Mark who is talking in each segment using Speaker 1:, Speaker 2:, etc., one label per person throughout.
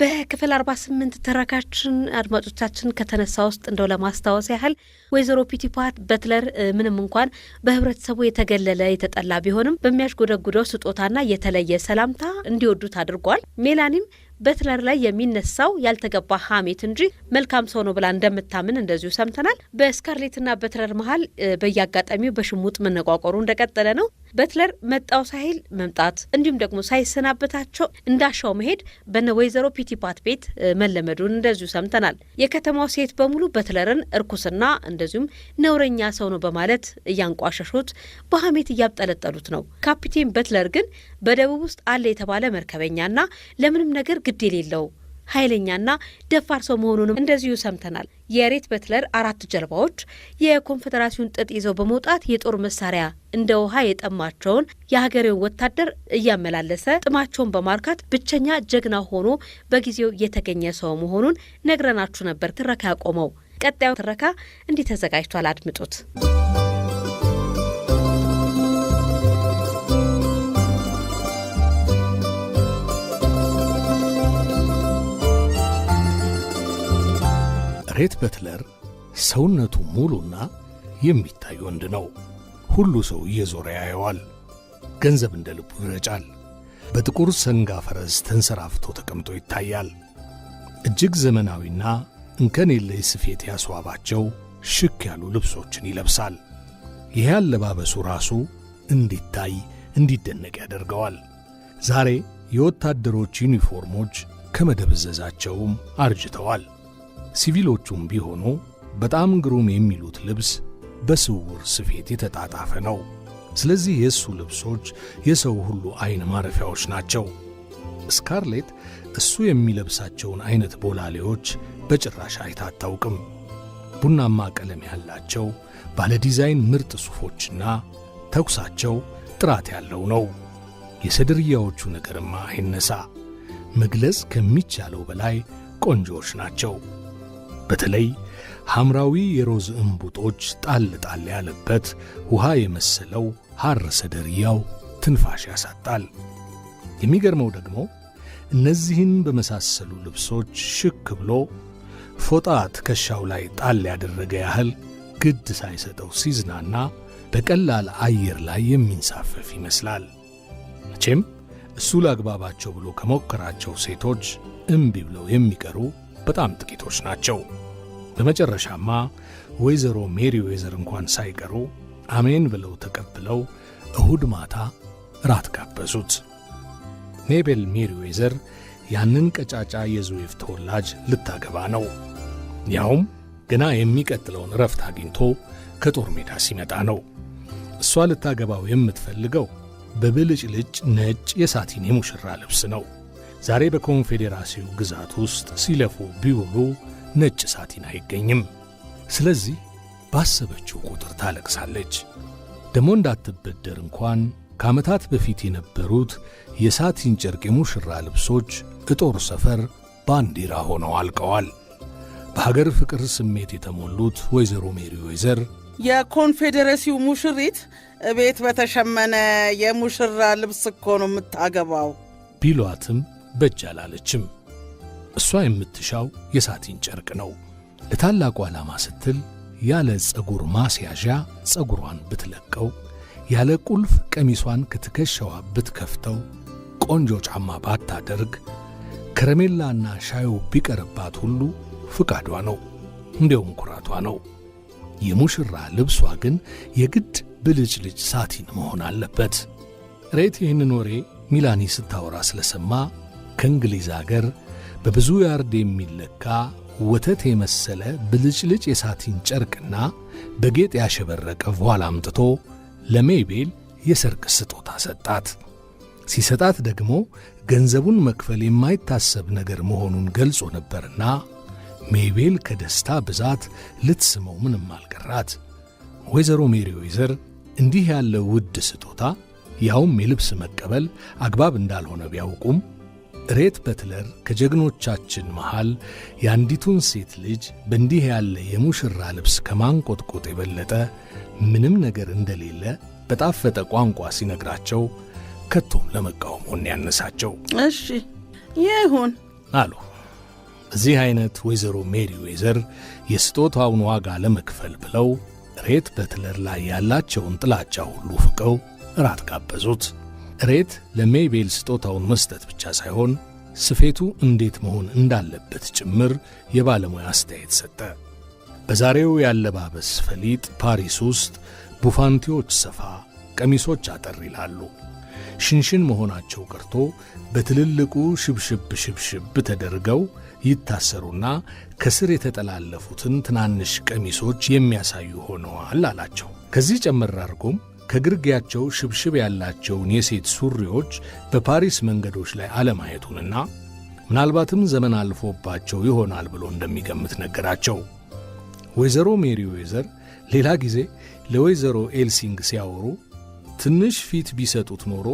Speaker 1: በክፍል 48 ትረካችን አድማጮቻችን ከተነሳ ውስጥ እንደው ለማስታወስ ያህል ወይዘሮ ፒቲፓት በትለር ምንም እንኳን በህብረተሰቡ የተገለለ የተጠላ ቢሆንም በሚያሽጎደጉደው ስጦታና የተለየ ሰላምታ እንዲወዱት አድርጓል። ሜላኒም በትለር ላይ የሚነሳው ያልተገባ ሀሜት እንጂ መልካም ሰው ነው ብላ እንደምታምን እንደዚሁ ሰምተናል። በስካርሌትና በትለር መሀል በየአጋጣሚው በሽሙጥ መነቋቆሩ እንደቀጠለ ነው። በትለር መጣው ሳይል መምጣት እንዲሁም ደግሞ ሳይሰናበታቸው እንዳሻው መሄድ በነ ወይዘሮ ፒቲፓት ቤት መለመዱን እንደዚሁ ሰምተናል። የከተማው ሴት በሙሉ በትለርን እርኩስና እንደዚሁም ነውረኛ ሰው ነው በማለት እያንቋሸሹት በሀሜት እያብጠለጠሉት ነው። ካፒቴን በትለር ግን በደቡብ ውስጥ አለ የተባለ መርከበኛና ለምንም ነገር ግድ የሌለው ኃይለኛና ደፋር ሰው መሆኑንም እንደዚሁ ሰምተናል። የሬት በትለር አራት ጀልባዎች የኮንፌዴራሲውን ጥጥ ይዘው በመውጣት የጦር መሳሪያ እንደ ውሃ የጠማቸውን የሀገሬውን ወታደር እያመላለሰ ጥማቸውን በማርካት ብቸኛ ጀግና ሆኖ በጊዜው የተገኘ ሰው መሆኑን ነግረናችሁ ነበር። ትረካ ያቆመው ቀጣዩ ትረካ እንዲህ ተዘጋጅቷል። አድምጡት።
Speaker 2: ጋሬት በትለር ሰውነቱ ሙሉና የሚታይ ወንድ ነው። ሁሉ ሰው እየዞረ ያየዋል። ገንዘብ እንደ ልቡ ይረጫል። በጥቁር ሰንጋ ፈረስ ተንሰራፍቶ ተቀምጦ ይታያል። እጅግ ዘመናዊና እንከን የለሽ ስፌት ያስዋባቸው ሽክ ያሉ ልብሶችን ይለብሳል። ይህ አለባበሱ ራሱ እንዲታይ እንዲደነቅ ያደርገዋል። ዛሬ የወታደሮች ዩኒፎርሞች ከመደብዘዛቸውም አርጅተዋል። ሲቪሎቹም ቢሆኑ በጣም ግሩም የሚሉት ልብስ በስውር ስፌት የተጣጣፈ ነው። ስለዚህ የእሱ ልብሶች የሰው ሁሉ ዐይን ማረፊያዎች ናቸው። ስካርሌት እሱ የሚለብሳቸውን ዐይነት ቦላሌዎች በጭራሽ አይታ አታውቅም። ቡናማ ቀለም ያላቸው ባለ ዲዛይን ምርጥ ሱፎችና ተኩሳቸው ጥራት ያለው ነው። የሰድርያዎቹ ነገርማ አይነሳ፣ መግለጽ ከሚቻለው በላይ ቆንጆዎች ናቸው። በተለይ ሐምራዊ የሮዝ እምቡጦች ጣል ጣል ያለበት ውሃ የመሰለው ሐር ሰደርያው ትንፋሽ ያሳጣል። የሚገርመው ደግሞ እነዚህን በመሳሰሉ ልብሶች ሽክ ብሎ ፎጣ ትከሻው ላይ ጣል ያደረገ ያህል ግድ ሳይሰጠው ሲዝናና በቀላል አየር ላይ የሚንሳፈፍ ይመስላል። መቼም እሱ ላግባባቸው ብሎ ከሞከራቸው ሴቶች እምቢ ብለው የሚቀሩ በጣም ጥቂቶች ናቸው። በመጨረሻማ ወይዘሮ ሜሪ ዌዘር እንኳን ሳይቀሩ አሜን ብለው ተቀብለው እሁድ ማታ ራት ጋበዙት። ኔቤል ሜሪ ዌዘር ያንን ቀጫጫ የዙዌፍ ተወላጅ ልታገባ ነው። ያውም ገና የሚቀጥለውን እረፍት አግኝቶ ከጦር ሜዳ ሲመጣ ነው። እሷ ልታገባው የምትፈልገው በብልጭልጭ ነጭ የሳቲን የሙሽራ ልብስ ነው። ዛሬ በኮንፌዴራሲው ግዛት ውስጥ ሲለፉ ቢውሉ ነጭ ሳቲን አይገኝም። ስለዚህ ባሰበችው ቁጥር ታለቅሳለች። ደሞ እንዳትበደር እንኳን ከዓመታት በፊት የነበሩት የሳቲን ጨርቅ የሙሽራ ልብሶች እጦር ሰፈር ባንዲራ ሆነው አልቀዋል። በሀገር ፍቅር ስሜት የተሞሉት ወይዘሮ ሜሪ ወይዘር
Speaker 3: የኮንፌዴሬሲው ሙሽሪት እቤት በተሸመነ የሙሽራ ልብስ እኮ ነው የምታገባው
Speaker 2: ቢሏትም በጅ አላለችም። እሷ የምትሻው የሳቲን ጨርቅ ነው። ለታላቁ ዓላማ ስትል ያለ ፀጉር ማስያዣ ፀጉሯን ብትለቀው፣ ያለ ቁልፍ ቀሚሷን ከትከሻዋ ብትከፍተው፣ ቆንጆ ጫማ ባታደርግ፣ ከረሜላና ሻዩ ቢቀርባት ሁሉ ፍቃዷ ነው፣ እንዲያውም ኩራቷ ነው። የሙሽራ ልብሷ ግን የግድ ብልጭልጭ ሳቲን መሆን አለበት። ሬት ይህንን ወሬ ሚላኒ ስታወራ ስለሰማ ከእንግሊዝ አገር በብዙ ያርድ የሚለካ ወተት የመሰለ ብልጭልጭ የሳቲን ጨርቅና በጌጥ ያሸበረቀ ኋላ አምጥቶ ለሜቤል የሰርግ ስጦታ ሰጣት። ሲሰጣት ደግሞ ገንዘቡን መክፈል የማይታሰብ ነገር መሆኑን ገልጾ ነበርና ሜቤል ከደስታ ብዛት ልትስመው ምንም አልቀራት። ወይዘሮ ሜሪ ወይዘር እንዲህ ያለ ውድ ስጦታ ያውም የልብስ መቀበል አግባብ እንዳልሆነ ቢያውቁም ሬት በትለር ከጀግኖቻችን መሃል የአንዲቱን ሴት ልጅ በእንዲህ ያለ የሙሽራ ልብስ ከማንቆጥቆጥ የበለጠ ምንም ነገር እንደሌለ በጣፈጠ ቋንቋ ሲነግራቸው ከቶም ለመቃወም ያነሳቸው።
Speaker 3: እሺ ይሁን
Speaker 2: አሉ። በዚህ ዐይነት ወይዘሮ ሜሪ ዌዘር የስጦታውን ዋጋ ለመክፈል ብለው ሬት በትለር ላይ ያላቸውን ጥላቻ ሁሉ ፍቀው እራት ጋበዙት። ሬት ለሜቤል ስጦታውን መስጠት ብቻ ሳይሆን ስፌቱ እንዴት መሆን እንዳለበት ጭምር የባለሙያ አስተያየት ሰጠ። በዛሬው ያለባበስ ፈሊጥ ፓሪስ ውስጥ ቡፋንቲዎች ሰፋ፣ ቀሚሶች አጠር ይላሉ። ሽንሽን መሆናቸው ቀርቶ በትልልቁ ሽብሽብ ሽብሽብ ተደርገው ይታሰሩና ከስር የተጠላለፉትን ትናንሽ ቀሚሶች የሚያሳዩ ሆነዋል አላቸው። ከዚህ ጨመር አድርጎም ከግርጌያቸው ሽብሽብ ያላቸውን የሴት ሱሪዎች በፓሪስ መንገዶች ላይ አለማየቱንና ምናልባትም ዘመን አልፎባቸው ይሆናል ብሎ እንደሚገምት ነገራቸው። ወይዘሮ ሜሪ ዌዘር ሌላ ጊዜ ለወይዘሮ ኤልሲንግ ሲያወሩ ትንሽ ፊት ቢሰጡት ኖሮ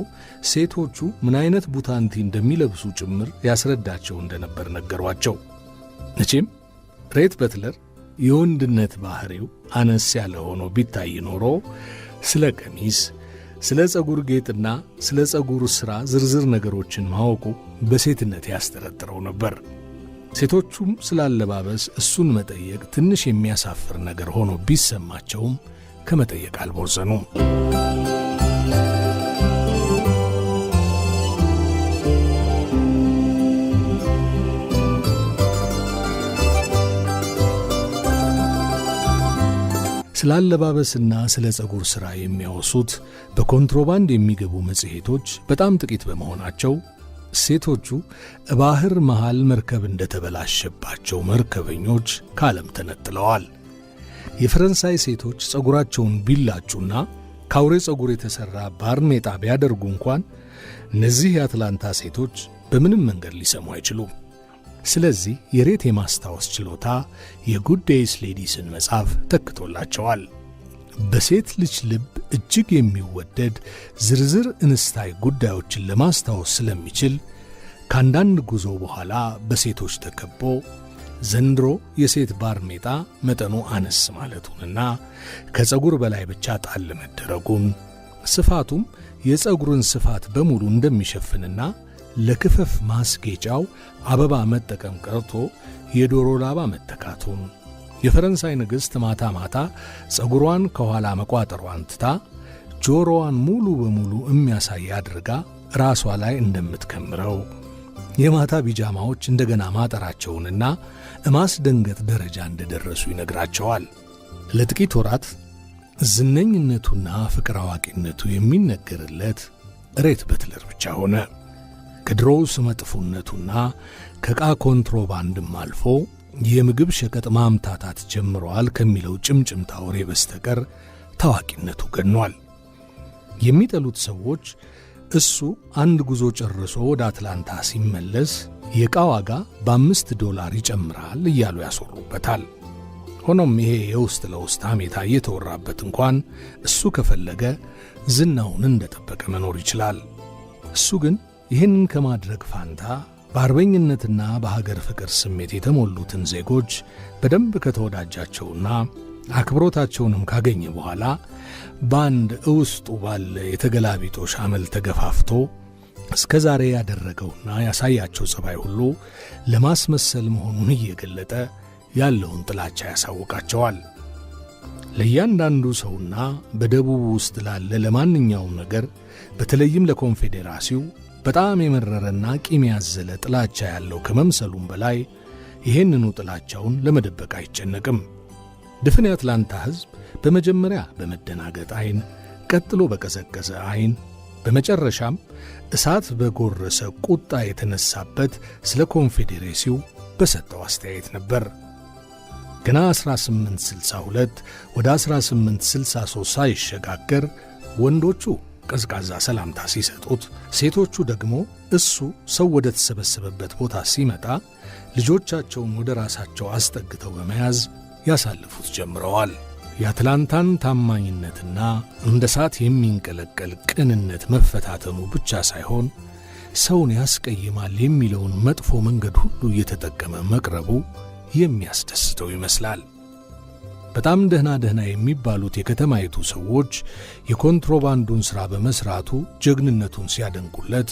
Speaker 2: ሴቶቹ ምን አይነት ቡታንቲ እንደሚለብሱ ጭምር ያስረዳቸው እንደነበር ነገሯቸው። መቼም ሬት በትለር የወንድነት ባሕሪው አነስ ያለ ሆኖ ቢታይ ኖሮ ስለ ቀሚስ፣ ስለ ጸጉር ጌጥና ስለ ጸጉር ሥራ ዝርዝር ነገሮችን ማወቁ በሴትነት ያስጠረጥረው ነበር። ሴቶቹም ስላለባበስ እሱን መጠየቅ ትንሽ የሚያሳፍር ነገር ሆኖ ቢሰማቸውም ከመጠየቅ አልቦዘኑም። ስለ አለባበስና ስለ ጸጉር ሥራ የሚያወሱት በኮንትሮባንድ የሚገቡ መጽሔቶች በጣም ጥቂት በመሆናቸው ሴቶቹ ባህር መሃል መርከብ እንደተበላሸባቸው መርከበኞች ከዓለም ተነጥለዋል። የፈረንሳይ ሴቶች ጸጉራቸውን ቢላጩና ከአውሬ ጸጉር የተሠራ ባርኔጣ ቢያደርጉ እንኳን እነዚህ የአትላንታ ሴቶች በምንም መንገድ ሊሰሙ አይችሉም። ስለዚህ የሬት የማስታወስ ችሎታ የጉዳይስ ሌዲስን መጽሐፍ ተክቶላቸዋል። በሴት ልጅ ልብ እጅግ የሚወደድ ዝርዝር እንስታይ ጉዳዮችን ለማስታወስ ስለሚችል ከአንዳንድ ጉዞ በኋላ በሴቶች ተከቦ ዘንድሮ የሴት ባርኔጣ መጠኑ አነስ ማለቱንና ከፀጉር በላይ ብቻ ጣል መደረጉን ስፋቱም የፀጉርን ስፋት በሙሉ እንደሚሸፍንና ለክፈፍ ማስጌጫው አበባ መጠቀም ቀርቶ የዶሮ ላባ መተካቱን፣ የፈረንሳይ ንግሥት ማታ ማታ ፀጉሯን ከኋላ መቋጠሯን ትታ ጆሮዋን ሙሉ በሙሉ የሚያሳይ አድርጋ ራሷ ላይ እንደምትከምረው፣ የማታ ቢጃማዎች እንደገና ማጠራቸውንና እማስደንገጥ ደረጃ እንደደረሱ ይነግራቸዋል። ለጥቂት ወራት ዝነኝነቱና ፍቅር አዋቂነቱ የሚነገርለት ሬት በትለር ብቻ ሆነ። ከድሮውስ ስመጥፉነቱና ከዕቃ ኮንትሮባንድም አልፎ የምግብ ሸቀጥ ማምታታት ጀምረዋል ከሚለው ጭምጭምታ ወሬ በስተቀር ታዋቂነቱ ገኗል። የሚጠሉት ሰዎች እሱ አንድ ጉዞ ጨርሶ ወደ አትላንታ ሲመለስ የዕቃ ዋጋ በአምስት ዶላር ይጨምራል እያሉ ያስወሩበታል። ሆኖም ይሄ የውስጥ ለውስጥ ሐሜታ እየተወራበት እንኳን እሱ ከፈለገ ዝናውን እንደጠበቀ መኖር ይችላል። እሱ ግን ይህን ከማድረግ ፋንታ በአርበኝነትና በሀገር ፍቅር ስሜት የተሞሉትን ዜጎች በደንብ ከተወዳጃቸውና አክብሮታቸውንም ካገኘ በኋላ በአንድ እውስጡ ባለ የተገላቢጦሽ አመል ተገፋፍቶ እስከ ዛሬ ያደረገውና ያሳያቸው ጸባይ ሁሉ ለማስመሰል መሆኑን እየገለጠ ያለውን ጥላቻ ያሳውቃቸዋል። ለእያንዳንዱ ሰውና በደቡብ ውስጥ ላለ ለማንኛውም ነገር በተለይም ለኮንፌዴራሲው በጣም የመረረና ቂም ያዘለ ጥላቻ ያለው ከመምሰሉም በላይ ይህንኑ ጥላቻውን ለመደበቅ አይጨነቅም። ድፍን የአትላንታ ሕዝብ በመጀመሪያ በመደናገጥ ዐይን፣ ቀጥሎ በቀዘቀዘ ዐይን፣ በመጨረሻም እሳት በጎረሰ ቁጣ የተነሳበት ስለ ኮንፌዴሬሲው በሰጠው አስተያየት ነበር። ገና 1862 ወደ 1863 ሳይሸጋገር ወንዶቹ ቀዝቃዛ ሰላምታ ሲሰጡት፣ ሴቶቹ ደግሞ እሱ ሰው ወደ ተሰበሰበበት ቦታ ሲመጣ ልጆቻቸውን ወደ ራሳቸው አስጠግተው በመያዝ ያሳልፉት ጀምረዋል። የአትላንታን ታማኝነትና እንደ እሳት የሚንቀለቀል ቅንነት መፈታተኑ ብቻ ሳይሆን ሰውን ያስቀይማል የሚለውን መጥፎ መንገድ ሁሉ እየተጠቀመ መቅረቡ የሚያስደስተው ይመስላል። በጣም ደህና ደህና የሚባሉት የከተማይቱ ሰዎች የኮንትሮባንዱን ሥራ በመሥራቱ ጀግንነቱን ሲያደንቁለት፣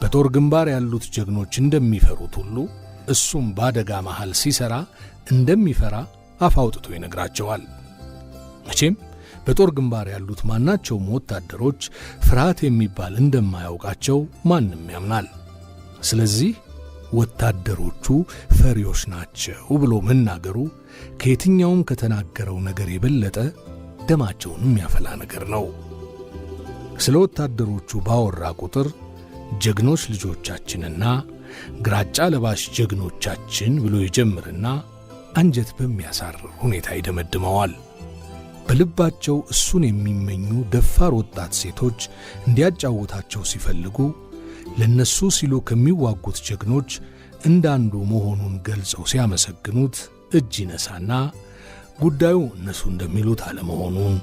Speaker 2: በጦር ግንባር ያሉት ጀግኖች እንደሚፈሩት ሁሉ እሱም በአደጋ መሃል ሲሠራ እንደሚፈራ አፍ አውጥቶ ይነግራቸዋል። መቼም በጦር ግንባር ያሉት ማናቸውም ወታደሮች ፍርሃት የሚባል እንደማያውቃቸው ማንም ያምናል። ስለዚህ ወታደሮቹ ፈሪዎች ናቸው ብሎ መናገሩ ከየትኛውም ከተናገረው ነገር የበለጠ ደማቸውን የሚያፈላ ነገር ነው። ስለ ወታደሮቹ ባወራ ቁጥር ጀግኖች ልጆቻችንና ግራጫ ለባሽ ጀግኖቻችን ብሎ ይጀምርና አንጀት በሚያሳር ሁኔታ ይደመድመዋል። በልባቸው እሱን የሚመኙ ደፋር ወጣት ሴቶች እንዲያጫወታቸው ሲፈልጉ ለነሱ ሲሉ ከሚዋጉት ጀግኖች እንዳንዱ መሆኑን ገልጸው ሲያመሰግኑት እጅ ይነሳና ጉዳዩ እነሱ እንደሚሉት አለመሆኑን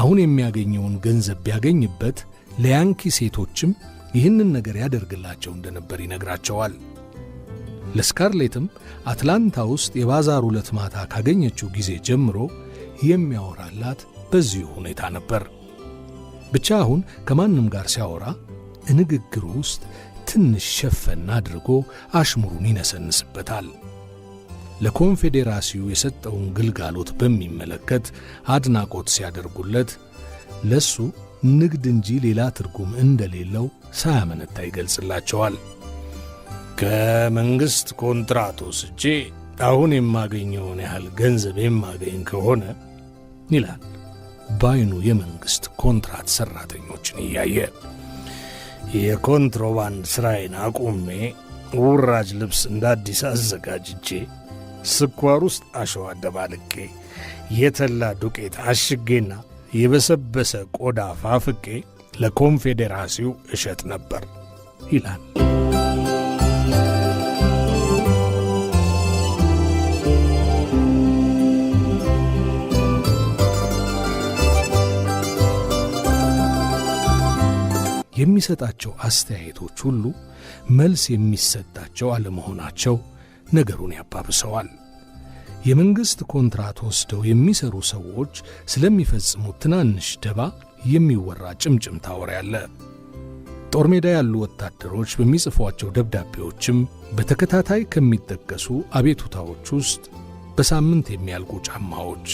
Speaker 2: አሁን የሚያገኘውን ገንዘብ ቢያገኝበት ለያንኪ ሴቶችም ይህንን ነገር ያደርግላቸው እንደነበር ይነግራቸዋል። ለስካርሌትም አትላንታ ውስጥ የባዛር ዕለት ማታ ካገኘችው ጊዜ ጀምሮ የሚያወራላት በዚሁ ሁኔታ ነበር። ብቻ አሁን ከማንም ጋር ሲያወራ ንግግሩ ውስጥ ትንሽ ሸፈና አድርጎ አሽሙሩን ይነሰንስበታል። ለኮንፌዴራሲው የሰጠውን ግልጋሎት በሚመለከት አድናቆት ሲያደርጉለት ለሱ ንግድ እንጂ ሌላ ትርጉም እንደሌለው ሳያመነታ ይገልጽላቸዋል።
Speaker 4: ከመንግሥት ኮንትራት ወስጄ አሁን የማገኘውን ያህል ገንዘብ የማገኝ ከሆነ ይላል ባይኑ የመንግሥት ኮንትራት ሠራተኞችን እያየ የኮንትሮባንድ ሥራዬን አቁሜ ውራጅ ልብስ እንደ አዲስ አዘጋጅቼ ስኳር ውስጥ አሸዋ ደባልቄ የተላ ዱቄት አሽጌና የበሰበሰ ቆዳ ፋፍቄ ለኮንፌዴራሲው እሸጥ ነበር ይላል።
Speaker 2: የሚሰጣቸው አስተያየቶች ሁሉ መልስ የሚሰጣቸው አለመሆናቸው ነገሩን ያባብሰዋል። የመንግሥት ኮንትራት ወስደው የሚሠሩ ሰዎች ስለሚፈጽሙት ትናንሽ ደባ የሚወራ ጭምጭም ታወር አለ። ጦር ሜዳ ያሉ ወታደሮች በሚጽፏቸው ደብዳቤዎችም በተከታታይ ከሚጠቀሱ አቤቱታዎች ውስጥ በሳምንት የሚያልቁ ጫማዎች፣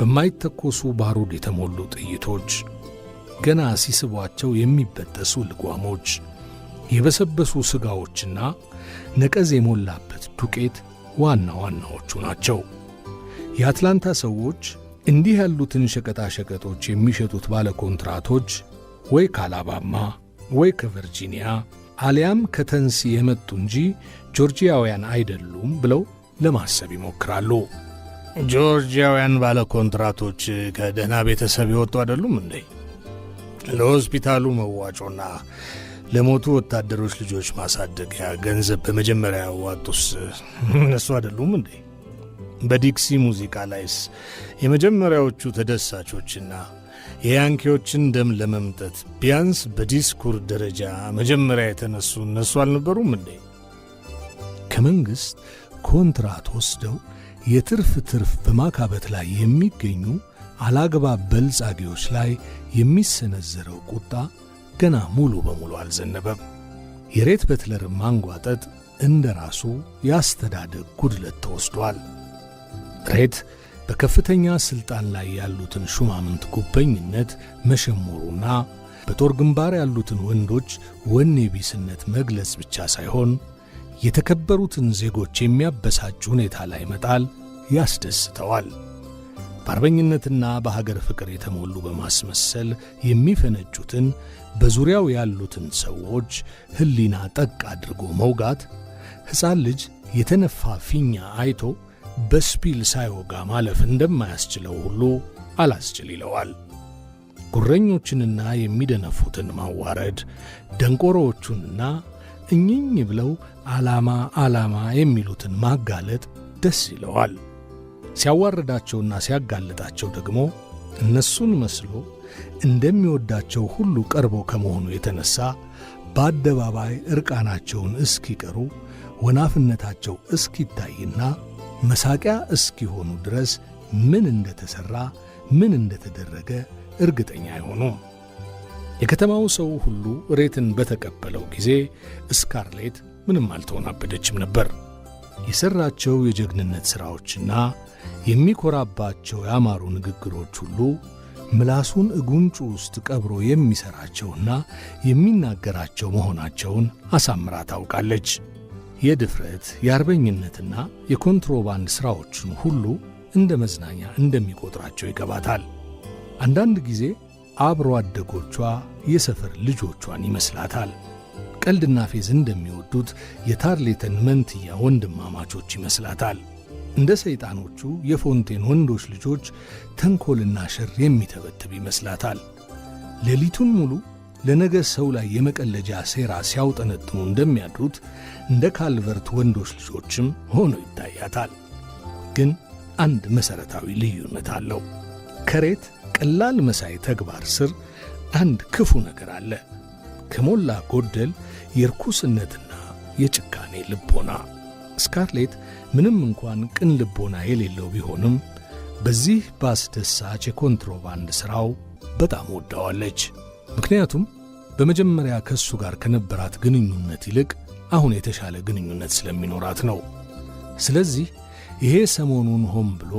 Speaker 2: በማይተኮሱ ባሩድ የተሞሉ ጥይቶች፣ ገና ሲስቧቸው የሚበጠሱ ልጓሞች፣ የበሰበሱ ሥጋዎችና ነቀዝ የሞላበት ዱቄት ዋና ዋናዎቹ ናቸው። የአትላንታ ሰዎች እንዲህ ያሉትን ሸቀጣሸቀጦች የሚሸጡት ባለ ኮንትራቶች ወይ ከአላባማ ወይ ከቨርጂኒያ አሊያም ከተንሲ የመጡ እንጂ ጆርጂያውያን አይደሉም ብለው ለማሰብ ይሞክራሉ።
Speaker 4: ጆርጂያውያን ባለ ኮንትራቶች ከደህና ቤተሰብ የወጡ አይደሉም እንዴ? ለሆስፒታሉ መዋጮና ለሞቱ ወታደሮች ልጆች ማሳደጊያ ገንዘብ በመጀመሪያ ዋጡስ እነሱ አይደሉም እንዴ? በዲክሲ ሙዚቃ ላይስ የመጀመሪያዎቹ ተደሳቾችና የያንኪዎችን ደም ለመምጠት ቢያንስ በዲስኩር ደረጃ መጀመሪያ የተነሱ እነሱ አልነበሩም እንዴ?
Speaker 2: ከመንግሥት ኮንትራት ወስደው የትርፍ ትርፍ በማካበት ላይ የሚገኙ አላግባብ በልጻጌዎች ላይ የሚሰነዘረው ቁጣ ገና ሙሉ በሙሉ አልዘነበም። የሬት በትለር ማንጓጠጥ እንደ ራሱ የአስተዳደግ ጉድለት ተወስዷል። ሬት በከፍተኛ ሥልጣን ላይ ያሉትን ሹማምንት ጉበኝነት መሸሞሩና በጦር ግንባር ያሉትን ወንዶች ወኔ ቢስነት መግለጽ ብቻ ሳይሆን የተከበሩትን ዜጎች የሚያበሳጭ ሁኔታ ላይ መጣል ያስደስተዋል። በአርበኝነትና በሀገር ፍቅር የተሞሉ በማስመሰል የሚፈነጩትን በዙሪያው ያሉትን ሰዎች ሕሊና ጠቅ አድርጎ መውጋት ሕፃን ልጅ የተነፋ ፊኛ አይቶ በስፒል ሳይወጋ ማለፍ እንደማያስችለው ሁሉ አላስችል ይለዋል። ጉረኞችንና የሚደነፉትን ማዋረድ፣ ደንቆሮዎቹንና እኝኝ ብለው ዓላማ ዓላማ የሚሉትን ማጋለጥ ደስ ይለዋል። ሲያዋርዳቸውና ሲያጋልጣቸው ደግሞ እነሱን መስሎ እንደሚወዳቸው ሁሉ ቀርቦ ከመሆኑ የተነሳ በአደባባይ ዕርቃናቸውን እስኪቀሩ ወናፍነታቸው እስኪታይና መሳቂያ እስኪሆኑ ድረስ ምን ተሠራ ምን እንደተደረገ እርግጠኛ አይሆኑም። የከተማው ሰው ሁሉ ሬትን በተቀበለው ጊዜ ስካርሌት ምንም አልተወናበደችም ነበር። የሠራቸው የጀግንነት ሥራዎችና የሚኮራባቸው ያማሩ ንግግሮች ሁሉ ምላሱን እጉንጩ ውስጥ ቀብሮ የሚሠራቸውና የሚናገራቸው መሆናቸውን አሳምራ ታውቃለች። የድፍረት የአርበኝነትና የኮንትሮባንድ ሥራዎቹን ሁሉ እንደ መዝናኛ እንደሚቆጥራቸው ይገባታል። አንዳንድ ጊዜ አብሮ አደጎቿ የሰፈር ልጆቿን ይመስላታል። ቀልድና ፌዝ እንደሚወዱት የታርሌተን መንትያ ወንድማማቾች ይመስላታል። እንደ ሰይጣኖቹ የፎንቴን ወንዶች ልጆች ተንኮልና ሸር የሚተበትብ ይመስላታል። ሌሊቱን ሙሉ ለነገ ሰው ላይ የመቀለጃ ሴራ ሲያውጠነጥኑ እንደሚያድሩት እንደ ካልቨርት ወንዶች ልጆችም ሆኖ ይታያታል። ግን አንድ መሠረታዊ ልዩነት አለው። ከሬት ቀላል መሳይ ተግባር ስር አንድ ክፉ ነገር አለ። ከሞላ ጎደል የርኩስነትና የጭካኔ ልቦና። ስካርሌት ምንም እንኳን ቅን ልቦና የሌለው ቢሆንም በዚህ በአስደሳች የኮንትሮባንድ ሥራው በጣም ወዳዋለች። ምክንያቱም በመጀመሪያ ከእሱ ጋር ከነበራት ግንኙነት ይልቅ አሁን የተሻለ ግንኙነት ስለሚኖራት ነው። ስለዚህ ይሄ ሰሞኑን ሆን ብሎ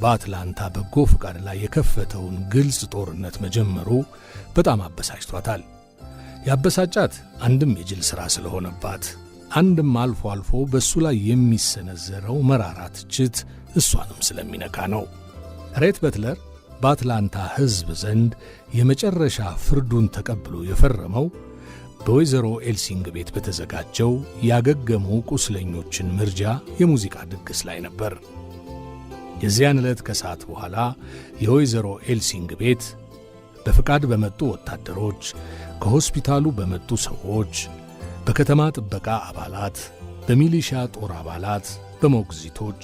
Speaker 2: በአትላንታ በጎ ፈቃድ ላይ የከፈተውን ግልጽ ጦርነት መጀመሩ በጣም አበሳጭቷታል። ያበሳጫት አንድም የጅል ሥራ ስለሆነባት፣ አንድም አልፎ አልፎ በእሱ ላይ የሚሰነዘረው መራራ ትችት እሷንም ስለሚነካ ነው። ሬት በትለር በአትላንታ ሕዝብ ዘንድ የመጨረሻ ፍርዱን ተቀብሎ የፈረመው በወይዘሮ ኤልሲንግ ቤት በተዘጋጀው ያገገሙ ቁስለኞችን ምርጃ የሙዚቃ ድግስ ላይ ነበር። የዚያን ዕለት ከሰዓት በኋላ የወይዘሮ ኤልሲንግ ቤት በፍቃድ በመጡ ወታደሮች፣ ከሆስፒታሉ በመጡ ሰዎች፣ በከተማ ጥበቃ አባላት፣ በሚሊሻ ጦር አባላት፣ በሞግዚቶች፣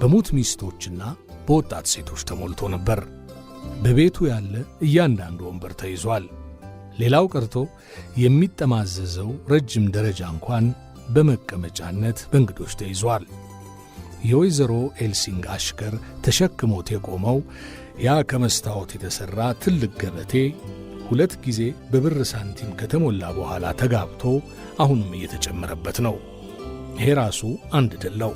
Speaker 2: በሙት ሚስቶችና በወጣት ሴቶች ተሞልቶ ነበር። በቤቱ ያለ እያንዳንዱ ወንበር ተይዟል። ሌላው ቀርቶ የሚጠማዘዘው ረጅም ደረጃ እንኳን በመቀመጫነት በእንግዶች ተይዟል። የወይዘሮ ኤልሲንግ አሽከር ተሸክሞት የቆመው ያ ከመስታወት የተሠራ ትልቅ ገበቴ ሁለት ጊዜ በብር ሳንቲም ከተሞላ በኋላ ተጋብቶ አሁንም እየተጨመረበት ነው። ይሄ ራሱ አንድ ድል ነው።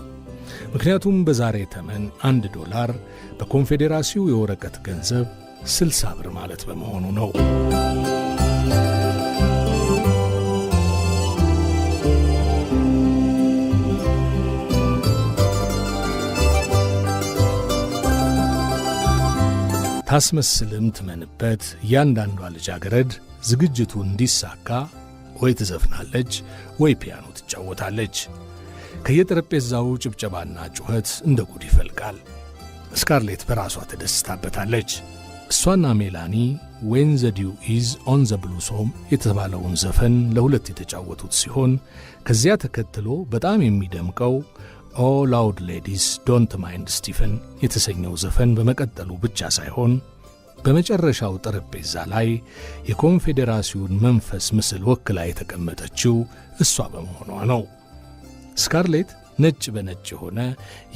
Speaker 2: ምክንያቱም በዛሬ ተመን አንድ ዶላር በኮንፌዴራሲው የወረቀት ገንዘብ 60 ብር ማለት በመሆኑ ነው። ታስመስልም ትመንበት። እያንዳንዷ ልጃገረድ ዝግጅቱ እንዲሳካ ወይ ትዘፍናለች ወይ ፒያኖ ትጫወታለች። ከየጠረጴዛው ጭብጨባና ጩኸት እንደ ጉድ ይፈልቃል። ስካርሌት በራሷ ተደስታበታለች። እሷና ሜላኒ ዌን ዘ ዲው ኢዝ ኦን ዘ ብሉሶም የተባለውን ዘፈን ለሁለት የተጫወቱት ሲሆን ከዚያ ተከትሎ በጣም የሚደምቀው ኦ ላውድ ሌዲስ ዶንት ማይንድ ስቲፈን የተሰኘው ዘፈን በመቀጠሉ ብቻ ሳይሆን በመጨረሻው ጠረጴዛ ላይ የኮንፌዴራሲውን መንፈስ ምስል ወክላ የተቀመጠችው እሷ በመሆኗ ነው። ስካርሌት ነጭ በነጭ የሆነ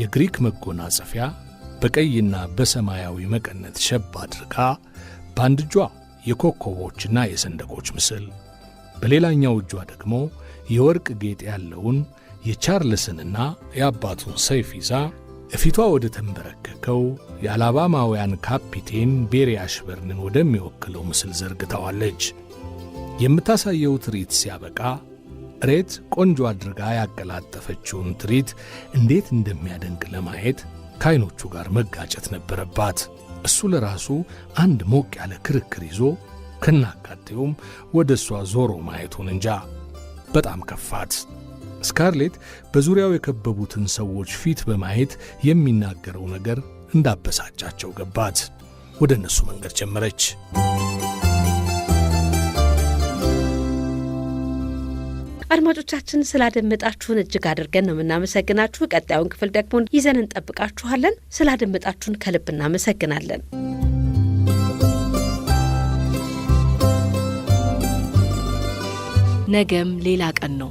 Speaker 2: የግሪክ መጎናጸፊያ በቀይና በሰማያዊ መቀነት ሸብ አድርጋ በአንድ እጇ የኮከቦችና የሰንደቆች ምስል፣ በሌላኛው እጇ ደግሞ የወርቅ ጌጥ ያለውን የቻርልስንና የአባቱን ሰይፍ ይዛ እፊቷ ወደ ተንበረከከው የአላባማውያን ካፒቴን ቤሪ አሽበርንን ወደሚወክለው ምስል ዘርግተዋለች። የምታሳየው ትርኢት ሲያበቃ ሬት ቆንጆ አድርጋ ያቀላጠፈችውን ትርኢት እንዴት እንደሚያደንቅ ለማየት ከዐይኖቹ ጋር መጋጨት ነበረባት። እሱ ለራሱ አንድ ሞቅ ያለ ክርክር ይዞ ከናካቴውም ወደ እሷ ዞሮ ማየቱን እንጃ በጣም ከፋት። ስካርሌት በዙሪያው የከበቡትን ሰዎች ፊት በማየት የሚናገረው ነገር እንዳበሳጫቸው ገባት። ወደ እነሱ መንገድ ጀመረች።
Speaker 1: አድማጮቻችን ስላደመጣችሁን እጅግ አድርገን ነው የምናመሰግናችሁ። ቀጣዩን ክፍል ደግሞ ይዘን እንጠብቃችኋለን። ስላደመጣችሁን ከልብ እናመሰግናለን።
Speaker 5: ነገም ሌላ ቀን ነው።